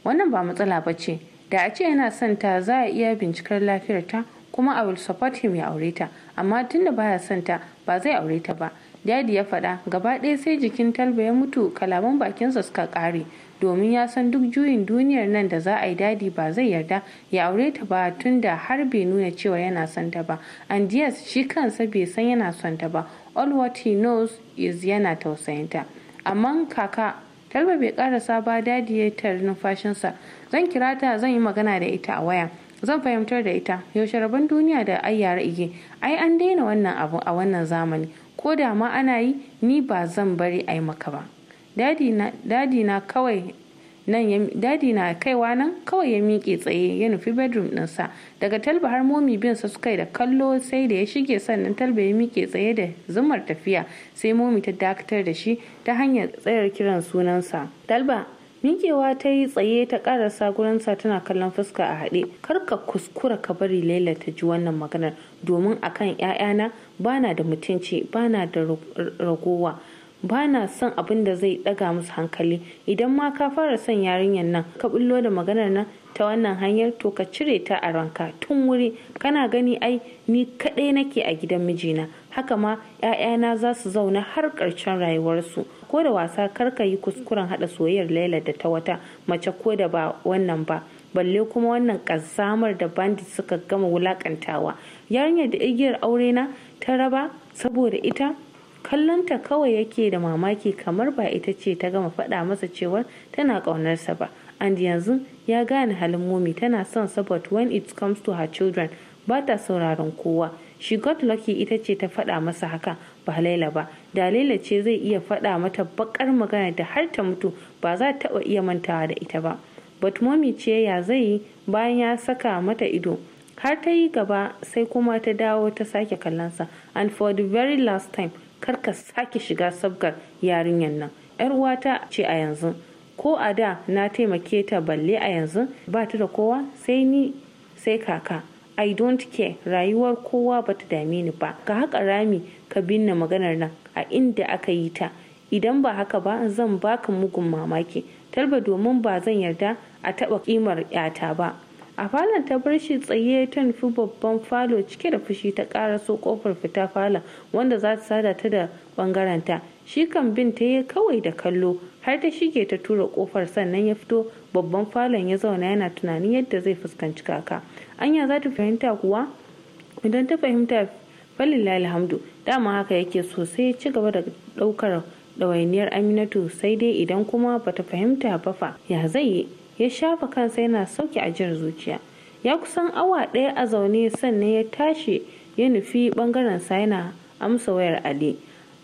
wannan ba matsala ba ce da a ce yana son ta za a iya bincikar lafiyarta kuma i will support him ya aure ta amma tun da baya son ta ba zai aure ta ba dadi ya faɗa gaba ɗaya sai jikin talba ya mutu kalaman bakinsa suka ƙare domin ya san duk juyin duniyar nan da za a yi dadi ba zai yarda ya aure ta ba tun da har bai nuna cewa yana son ta ba and yes shi kansa bai san yana son ta ba all what he knows is yana tausayinta amma kaka talba bai karasa ba dadi ya tar numfashinsa zan kira ta zan yi magana da ita a waya zan fahimtar da ita yaushe rabon duniya da ayyara ige ai an daina wannan abu a wannan zamani ko da ma ana yi ni ba zan bari a yi maka ba dadi na kawai nan dadi na kaiwa nan kawai ya miƙe tsaye ya nufi bedroom ɗinsa daga talba har momi bin sa suka yi da kallo sai da ya shige sannan talba ya miƙe tsaye da zumar tafiya sai momi ta dakatar da shi ta hanyar tsayar kiran sunansa talba miƙewa ta yi tsaye ta ƙarasa gurinsa tana kallon fuska a haɗe kar ka kuskura ka bari laila ta ji wannan maganar domin akan 'ya'yana bana da mutunci bana da ragowa ba na son abin da zai daga musu hankali idan ma ka fara son yarinyar nan ka bullo da maganar nan ta wannan hanyar to ka cire ta a ranka tun wuri kana gani ai ni kaɗai nake a gidan mijina haka ma 'ya'yana za su zauna har ƙarshen rayuwarsu ko da wasa karka yi kuskuren haɗa soyayyar laila da ta wata mace ko da ba wannan ba balle kuma wannan ƙazamar da bandit suka gama wulaƙantawa. yarinyar da igiyar aure na ta raba saboda ita kallonta kawai yake da mamaki kamar ba ita ce ta gama faɗa masa cewar tana ƙaunarsa ba and yanzu ya gane halin momi tana son support when it comes to her children ba ta sauraron kowa she got lucky ita ce ta faɗa masa haka ba laila ba da laila ce zai iya faɗa mata bakar magana da har ta mutu ba za ta taɓa iya mantawa da ita ba but momi ce ya zai bayan ya saka mata ido har ta yi gaba sai kuma ta dawo ta sake kallonsa and for the very last time kar ka sake shiga sabgar yarinyar nan yar uwata ce a yanzu ko a da na taimake ta balle a yanzu ba ta da kowa sai ni sai kaka i don't care rayuwar kowa ba ta dame ni ba ka haka rami ka binne maganar nan a inda aka yi ta idan ba haka ba zan baka mugun mamaki talba domin ba zan yarda a taba kimar yata ba a falon ta bar shi tsaye ta nufi babban falo cike da fushi ta karaso kofar fita falon wanda za ta sada ta da bangaranta shi kan bin ta yi kawai da kallo har ta shige ta tura kofar sannan ya fito babban falon ya zauna yana tunanin yadda zai fuskanci kaka anya za ta fahimta kuwa idan ta fahimta falin alhamdu dama haka yake sosai ci gaba da daukar ɗawainiyar aminatu sai dai idan kuma bata fahimta ba fa ya zai yi ya shafa kansa yana sauke ajiyar zuciya ya kusan awa ɗaya a zaune sannan ya tashi ya nufi bangaren sa yana amsa wayar ali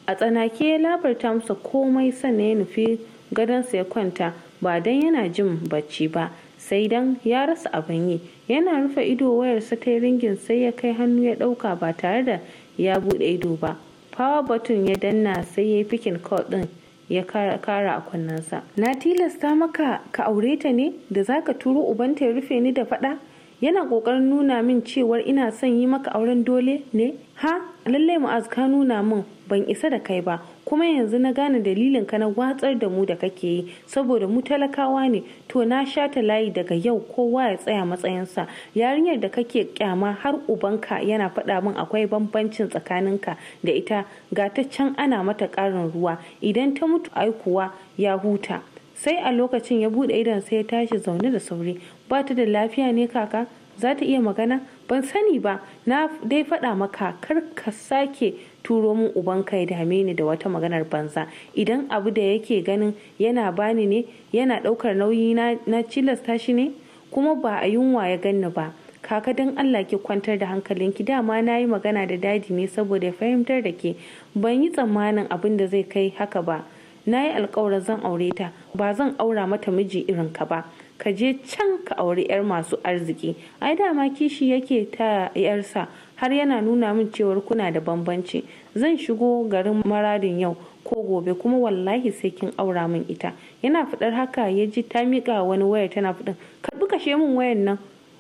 a tsanake ya labarta masa komai sannan ya nufi gadonsa ya kwanta ba don yana jin bacci ba sai dan ya rasa abin yi yana rufe ido wayarsa ta ringin sai ya kai hannu ya ɗauka ba tare da ya bude ido ba power button ya danna sai ya yi pikin call din. ya kara a kunnensa na tilasta maka ka aure ta ne da za zaka turo ubanta ya rufe ni da faɗa yana kokarin nuna min cewar ina son yi maka auren dole ne ha lallai mu'az ka nuna min ban isa da kai ba kuma yanzu na gane dalilin ka na watsar da mu da kake yi saboda mu talakawa ne to na sha ta layi daga yau kowa ya tsaya matsayinsa yarinyar da kake kyama har ubanka yana faɗa min akwai bambancin tsakaninka da ita ga ta can ana mata ƙarin ruwa idan ta mutu ai kuwa ya huta sai a lokacin ya buɗe idon sai ya tashi zaune da sauri ba ta da lafiya ne kaka za ta iya magana ban sani ba na dai faɗa maka kar ka sake turo min uban kai dame ni da wata maganar banza idan abu da yake ganin yana bani ne yana daukar nauyi na cilasta shi ne kuma ba a yunwa ya ganni ba kaka don allah ki kwantar da hankalinki dama na yi magana da dadi ne saboda ya fahimtar da ke ban yi tsammanin abin da zai kai haka ba na yi alkawarin zan aure ta ba zan aura mata miji irin ka ba ka je can ka auri 'yar masu arziki ai dama kishi yake ta 'yarsa har yana nuna min cewar kuna da bambanci zan shigo garin maradin yau ko gobe kuma wallahi sai kin aura min ita yana fadar haka ya ji ta miƙa wani wayar tana fadin karbi kashe min wayan nan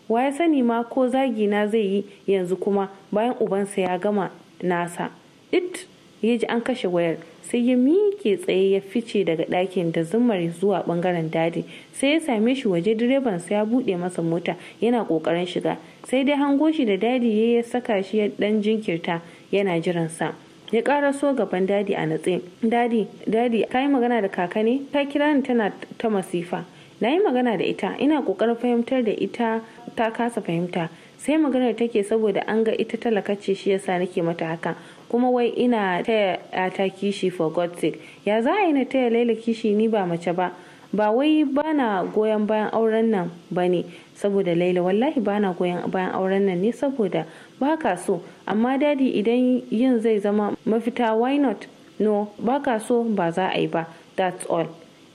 wa ya sani ma ko zagi na zai yi yanzu kuma bayan ubansa ya gama nasa it ya ji an kashe wayar sai ya miƙe tsaye ya fice daga ɗakin da zumar zuwa ɓangaren dadi sai ya same shi waje direban sa ya buɗe masa mota yana ƙoƙarin shiga sai dai hango shi da dadi ya ya saka shi ya ɗan jinkirta yana jiran sa ya ƙara so gaban dadi a natse dadi dadi ka yi magana da kaka ne ta kira ni tana ta masifa na yi magana da ita ina ƙoƙarin fahimtar da ita ta kasa fahimta sai maganar take saboda an ga ita talaka ce shi yasa nake mata haka kuma wai ina taya yata kishi for god sake ya za a yi na taya laila kishi ni ba mace ba ba wai bana goyon bayan auren nan ba ne saboda laila wallahi bana goyon bayan auren nan ne saboda baka so amma dadi idan yin zai zama mafita why not no baka so ba za a yi ba that's all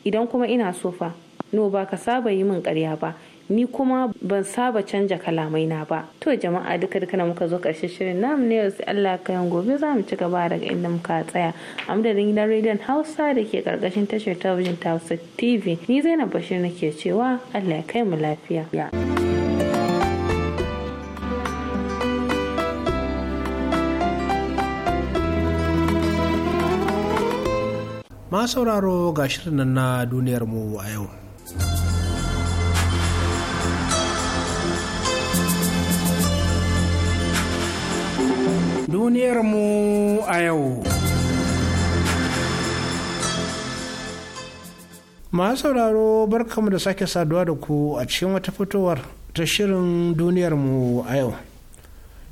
idan kuma ina so fa no ba ka saba yi min karya ba ni kuma ban saba canja kalamai na ba to jama'a duka duka na muka zo karshen shirin namu ne sai Allah ka yan gobe za mu ci gaba daga inda muka tsaya a madadin gidan rediyon Hausa da ke karkashin tashar talabijin ta Hausa TV ni Zainab Bashir ke cewa Allah ya kai mu lafiya Ma sauraro ga shirin na duniyarmu a yau. duniyarmu a yau. Masu sauraro barkamu da sake saduwa da ku a cikin wata fitowar ta shirin duniyarmu a yau.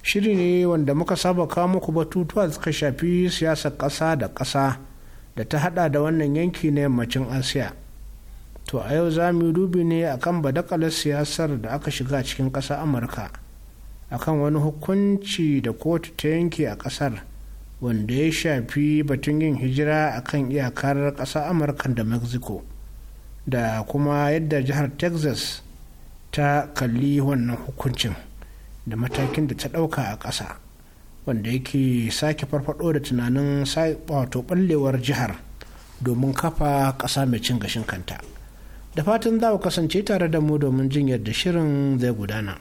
Shiri ne wanda muka saba kawo muku batutuwa da suka shafi siyasar ƙasa da ƙasa da ta hada da wannan yanki na yammacin Asiya. To a yau za mu yi dubi ne akan badakalar siyasar da aka shiga cikin ƙasa Amurka. akan wani hukunci da kotu ta yanke a kasar wanda ya shafi batun yin hijira a kan iyakar ƙasa amurka da mexico da kuma yadda jihar texas ta kalli wannan hukuncin da matakin da ta ɗauka a ƙasa wanda yake sake farfado da tunanin wato ɓallewar jihar domin kafa ƙasa mai cin gashin kanta da fatan za kasance tare da mu domin jin yadda shirin zai gudana.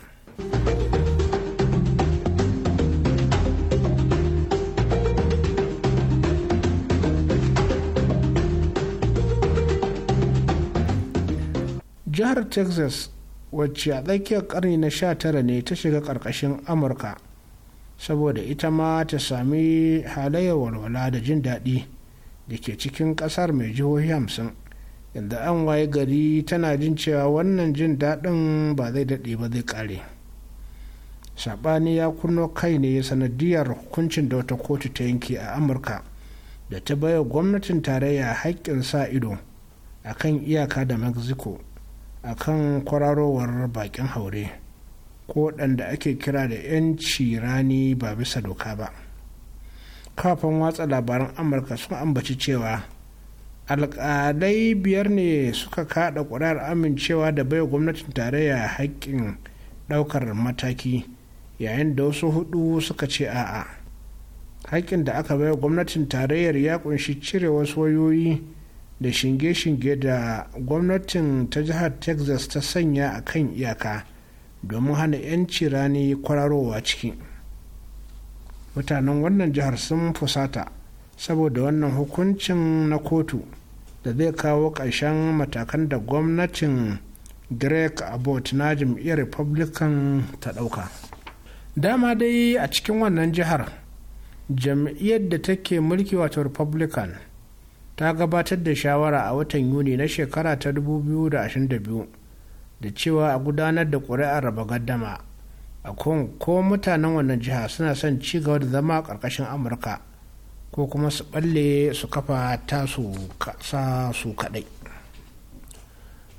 jihar texas wacce a tsakiyar karni na 19 ne ta shiga karkashin amurka saboda ita ma ta sami halayyar walwala da jin daɗi da ke cikin ƙasar mai jihohi hamsin inda an waye gari tana jin cewa wannan jin daɗin ba zai daɗe ba zai ƙare saɓani ya kuno kai ne sanadiyar hukuncin da wata kotu ta yanke a amurka da ta baiwa gwamnatin tarayya haƙƙin sa ido a kan iyaka da mexico a kan kwararowar bakin haure ko waɗanda ake kira da 'yanci rani ba bisa doka ba kafin watsa labaran amurka sun ambaci cewa alƙalai biyar ne suka kaɗa ƙuri'ar amincewa da baiwa gwamnatin tarayya haƙƙin ɗaukar mataki yayin da wasu hudu suka ce a'a haƙƙin da aka baiwa gwamnatin tarayyar ya ƙunshi cire wasu wayoyi da shinge-shinge da gwamnatin ta jihar texas ta sanya a kan iyaka domin hana 'yanci rani kwararowa ciki mutanen wannan jihar sun fusata saboda wannan hukuncin na kotu da zai kawo ƙarshen matakan da gwamnatin greg abbott na jam'iyyar republican ta ɗauka dama dai a cikin wannan jihar jam'iyyar da take mulki wato republican ta gabatar da shawara a watan yuni na shekara ta 2022 da cewa a gudanar da ƙuri'ar raba gaddama a kan ko mutanen wannan jiha suna son ci gaba da zama a ƙarƙashin amurka ko kuma su balle su kafa tasu ƙasa su kaɗai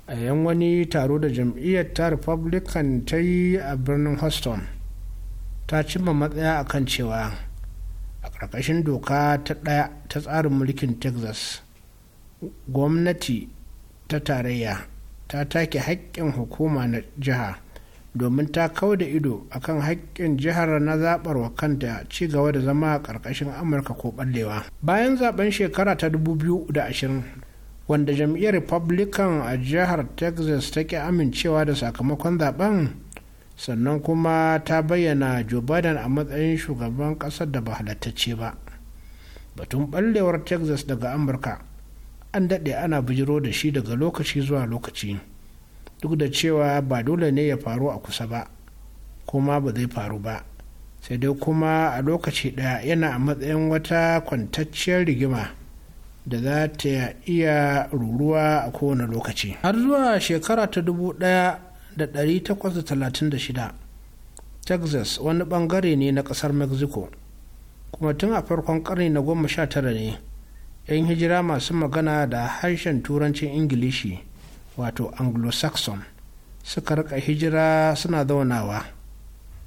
a yan wani taro da jam'iyyar ta republican ta yi a birnin houston ta cimma matsaya akan cewa a ƙarƙashin doka ta ɗaya ta tsarin mulkin texas gwamnati ta tarayya ta take haƙƙin hukuma na jiha domin ta kau da ido a kan haƙƙin jihar na zaɓar wa kanta ci gaba da zama a ƙarƙashin amurka ko ɓallewa bayan zaben shekara ta 2020 wanda jam'iyyar republican a jihar texas ta ƙi amincewa da sakamakon zaben sannan kuma ta bayyana joe biden a matsayin shugaban kasar da ba halattacce ba batun ballewar texas daga amurka an daɗe ana bijiro da shi daga lokaci zuwa lokaci duk da cewa ba dole ne ya faru a kusa ba kuma ba zai faru ba sai dai kuma a lokaci ɗaya yana a matsayin wata kwantacciyar rigima da za ta iya ruruwa a kowane lokaci har zuwa shekara ta dubu ɗaya da 1836 texas wani bangare ne na kasar mexico kuma tun a farkon karni na goma sha tara ne 'yan hijira masu magana da harshen turancin ingilishi wato anglo-saxon suka rika hijira suna zaunawa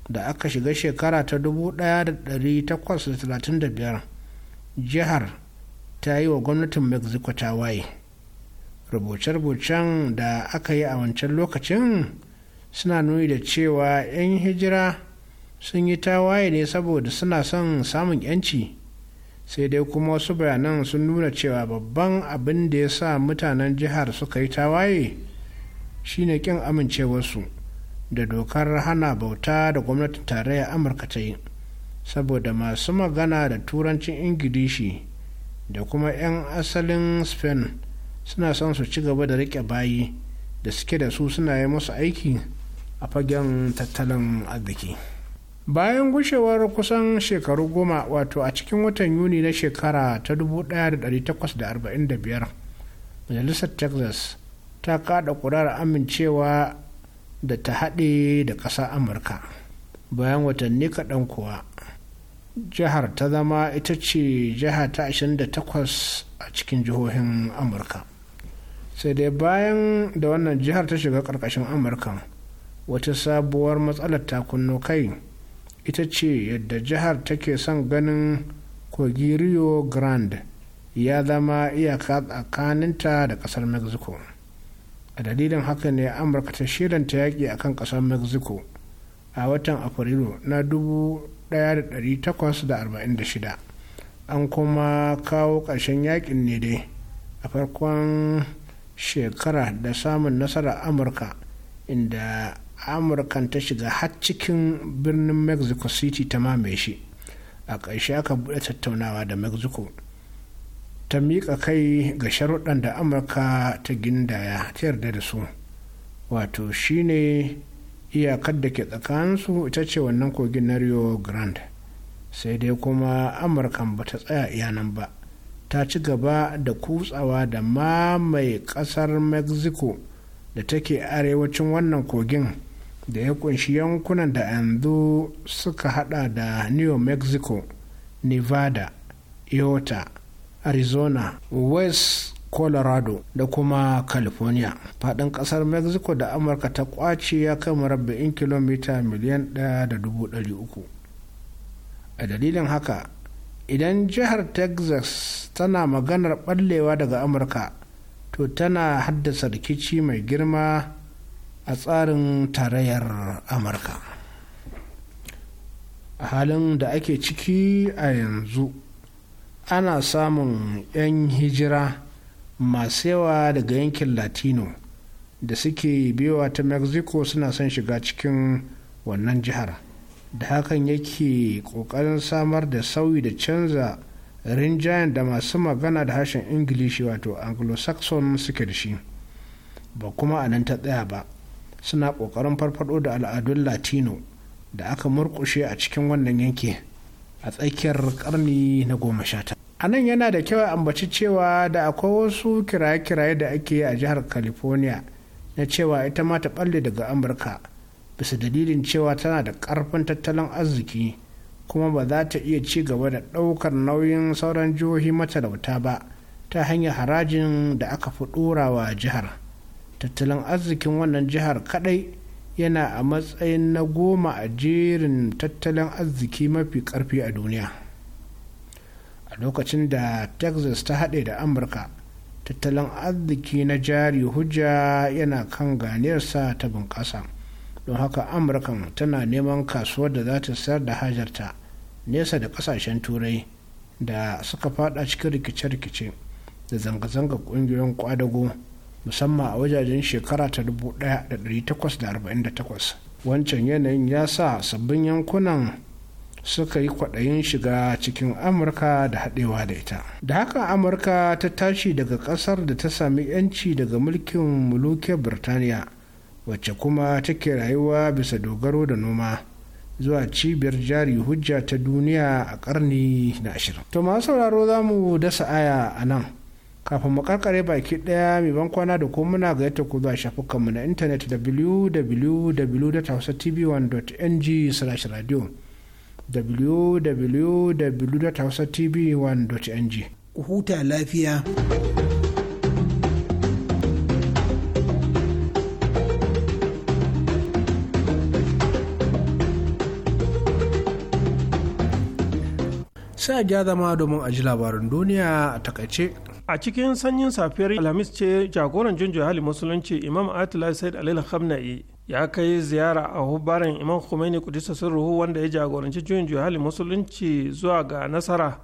da aka shiga shekara ta 1835 jihar ta yi wa gwamnatin mexico ta waye. rubuce-rubucen da aka yi a wancan lokacin suna nuni da cewa 'yan hijira sun yi tawaye ne saboda suna son samun 'yanci sai dai kuma wasu bayanan sun nuna cewa babban abin da ya sa mutanen jihar suka yi tawaye shine kin amincewarsu da dokar hana bauta da gwamnatin tarayya amurka ta yi saboda masu magana da turancin ingilishi da kuma 'yan asalin spain suna son su ci gaba da riƙe bayi da suke da su suna yi musu aiki a fagen tattalin arziki bayan gushewar kusan shekaru goma wato a cikin watan yuni na shekara ta 1845 majalisar texas ta kada kurar amincewa da ta haɗe da ƙasa amurka bayan watanni kaɗan kuwa jihar ta zama ita ce jiha ta 28 a cikin jihohin amurka sai dai bayan da wannan jihar ta shiga karkashin amurka wata sabuwar matsalar takunno kai ita ce yadda jihar take son ganin kogi rio grande ya zama iyaka tsakaninta da kasar mexico a dalilin haka ne amurka ta shirinta yaƙi a kan ƙasar mexico a watan afrilu na 1846 an kuma kawo ƙarshen yaƙin ne dai a farkon shekara da samun nasarar amurka inda amurkan ta shiga har cikin birnin mexico city ta mamaye shi a ƙarshe aka buɗe tattaunawa da mexico ta miƙa kai ga sharuɗan da amurka ta gindaya ta yarda da su wato shine iyakar da ke tsakaninsu ita ce wannan kogin na rio grande sai dai kuma amurkan ba ta tsaya iyanan ba ta ci gaba da kutsawa da mamaye kasar mexico da take arewacin wannan kogin da ya kunshi yankunan da yanzu suka hada da new mexico nevada iota arizona west colorado da kuma california fadin kasar mexico da amurka ta kwace ya kai murabba'in kilomita miliyan 1.3 a dalilin haka idan jihar texas tana maganar ɓallewa daga amurka to tana haddasa rikici mai girma a tsarin tarayyar amurka a halin da ake ciki a yanzu ana samun 'yan hijira masu yawa daga yankin latino da suke biyowa ta mexico suna son shiga cikin wannan jihar da hakan yake ƙoƙarin samar da sauyi da canza rinjayen da masu magana da harshen ingilishi wato anglo-saxon suke da shi ba kuma a nan ta tsaya ba suna ƙoƙarin farfado da al'adun latino da aka murƙushe a cikin wannan yanki a tsakiyar ƙarni na goma sha ta a nan yana da kyau a ambaci cewa da akwai wasu kiraye-kiraye da ake yi a jihar california na cewa ita ma ta ɓalle daga amurka bisa dalilin cewa tana da ƙarfin tattalin arziki kuma ba za ta iya ci gaba da ɗaukar nauyin sauran jihohi matalauta ba ta hanyar harajin da aka fi ɗorawa jihar tattalin arzikin wannan jihar kaɗai yana a matsayin na goma a jerin tattalin arziki mafi ƙarfi a duniya a lokacin da texas ta haɗe da amurka tattalin arziki na jari hujja yana kan ganiyarsa ta bunƙasa don haka amurkan tana neman kasuwar da za ta sayar da hajarta nesa da kasashen turai da suka fada cikin rikice-rikice da zanga-zanga kungiyoyin kwadago musamman a wajajen shekara ta 1848 wancan yanayin ya sa sabbin yankunan suka yi kwaɗayin shiga cikin amurka da haɗewa da ita da haka amurka ta tashi daga ƙasar da ta sami 'yanci daga mulkin muluke birtaniya wacce kuma take rayuwa bisa dogaro da noma zuwa cibiyar jari hujja ta duniya a karni na ashirin. To masu sauraro za mu dasa aya a nan. Kafin mu karkare baki ɗaya mai ban kwana da kuma muna gayyata ku zuwa shafukanmu na intanet www.hausatv1.ng slash radio www.hausatv1.ng. Ku huta lafiya. sai a gyara zama domin a ji labarin duniya a takaice. a cikin sanyin safiyar alhamis ce jagoran junjo hali musulunci imam atila said alil hamna'i ya kai ziyara a hubbaran imam khomeini kudisa ruhu wanda ya jagoranci junjo hali musulunci zuwa ga nasara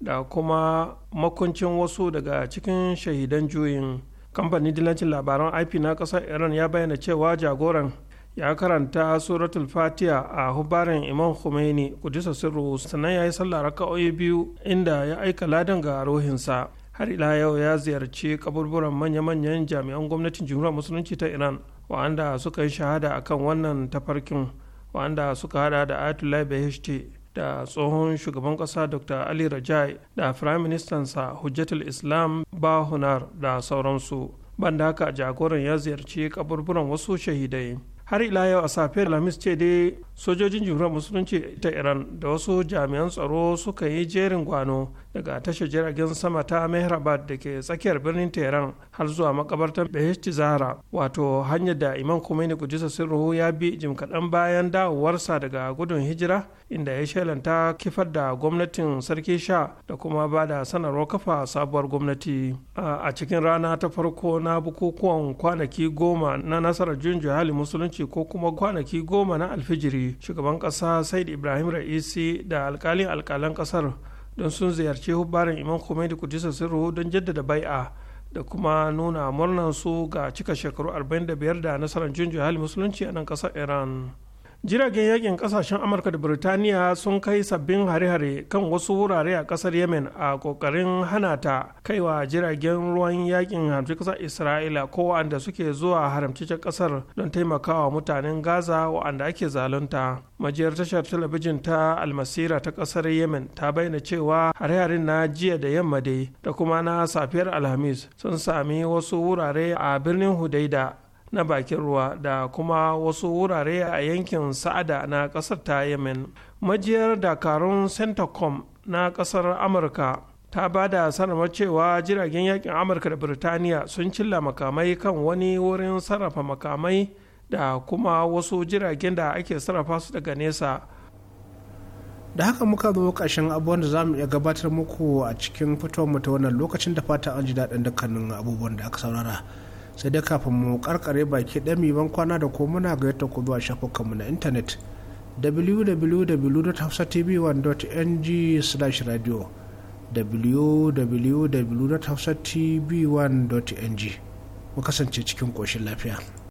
da kuma makuncin wasu daga cikin shahidan juyin kamfanin dilancin labaran ip na kasar iran ya bayyana cewa jagoran ya karanta suratul fatiha a hubarin imam khomeini kudisa sirru sannan ya yi sallah raka'o'i biyu inda ya aika ladan ga rohinsa har ila yau ya ziyarci kaburburan manya-manyan jami'an gwamnatin jumhuriyar musulunci ta iran wa'anda suka yi shahada akan wannan tafarkin wa'anda suka hada da ayatollah bht da tsohon shugaban kasa dr ali rajai da prime sa hujjatul islam bahunar da sauransu banda haka jagoran ya ziyarci kaburburan wasu shahidai har ila yau a safiyar lamis ce dai sojojin jumhuriyar musulunci ta iran da wasu jami'an tsaro suka yi jerin gwano daga tashar jiragen sama ta mehrabad da ke tsakiyar birnin tehran har zuwa makabartar beheshti zahra wato hanyar da imam khomeini kudisa sirruhu ya bi jim kaɗan bayan dawowarsa daga gudun hijira inda ya shelanta kifar da gwamnatin sarki sha da kuma ba da sanarwar kafa sabuwar gwamnati a cikin rana ta farko na bukukuwan kwanaki goma na nasarar junjo musulunci ko kuma kwanaki goma na alfijiri shugaban kasa said ibrahim ra'isi da alkalin alkalan kasar don sun ziyarci hubbarin imam khomeini kudisa sirru don jaddada bai'a da kuma nuna murnar su ga cika shekaru 45 da nasarar hali musulunci a nan kasar iran jiragen yakin kasashen amurka da birtaniya sun kai sabbin hare-hare kan wasu wurare a kasar yemen a kokarin hana ta kaiwa jiragen ruwan yakin hamshi kasar isra'ila ko wa'anda suke zuwa haramcicin kasar don taimakawa mutanen gaza wa'anda ake zalunta majiyar tashar talabijin ta almasira ta kasar yemen ta bayyana cewa hare-haren na jiya da yamma dai da kuma na safiyar alhamis sun sami wasu wurare a birnin hudaida na bakin ruwa da kuma wasu wurare a yankin sa'ada na kasar ta yemen majiyar dakarun centacom na kasar amurka ta ba da sanarwar cewa jiragen yakin amurka da birtaniya sun cilla makamai kan wani wurin sarrafa makamai da kuma wasu jiragen da ake sarrafa su daga nesa da haka muka zo ƙarshen abubuwan da za mu iya gabatar muku a cikin fitowar mu ta wannan lokacin da fata an ji daɗin dukkanin abubuwan da aka saurara sai dai kafin mu karkare baki ɗami ban kwana da ko muna ga yadda ku zuwa shafukanmu na intanet www.hafsatv1.ng/radio www.hafsatv1.ng mu kasance cikin koshin lafiya.